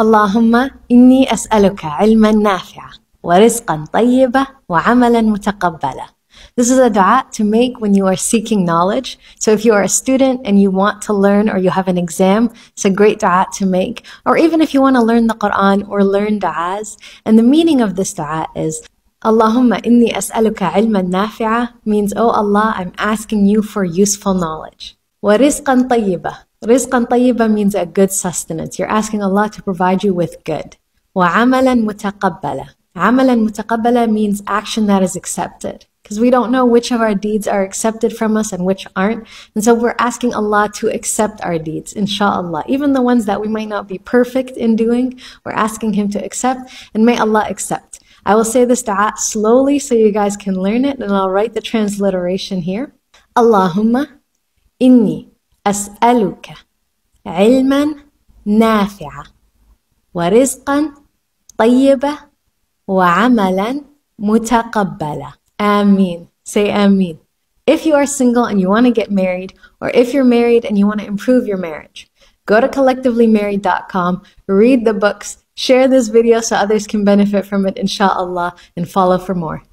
اللهم إني أسألك علما نافعا ورزقا طيبا وعملا متقبلا This is a dua to make when you are seeking knowledge. So if you are a student and you want to learn or you have an exam, it's a great dua to make. Or even if you want to learn the Quran or learn duas. And the meaning of this dua is, Allahumma inni as'aluka ilman nafi'a means, Oh Allah, I'm asking you for useful knowledge. وَرِزْقًا طَيِّبًا Rizqan tayyiban means a good sustenance. You're asking Allah to provide you with good. وَعَمَلًا مُتَقَبَّلًا عَمَلًا مُتَقَبَّلًا means action that is accepted. Because we don't know which of our deeds are accepted from us and which aren't. And so we're asking Allah to accept our deeds, inshallah. Even the ones that we might not be perfect in doing, we're asking Him to accept. And may Allah accept. I will say this dua slowly so you guys can learn it, and I'll write the transliteration here. Allahumma inni أسألك علما نافعا ورزقا طيبة وعملا متقبلا آمين Say آمين If you are single and you want to get married, or if you're married and you want to improve your marriage, go to collectivelymarried.com, read the books, share this video so others can benefit from it, inshallah, and follow for more.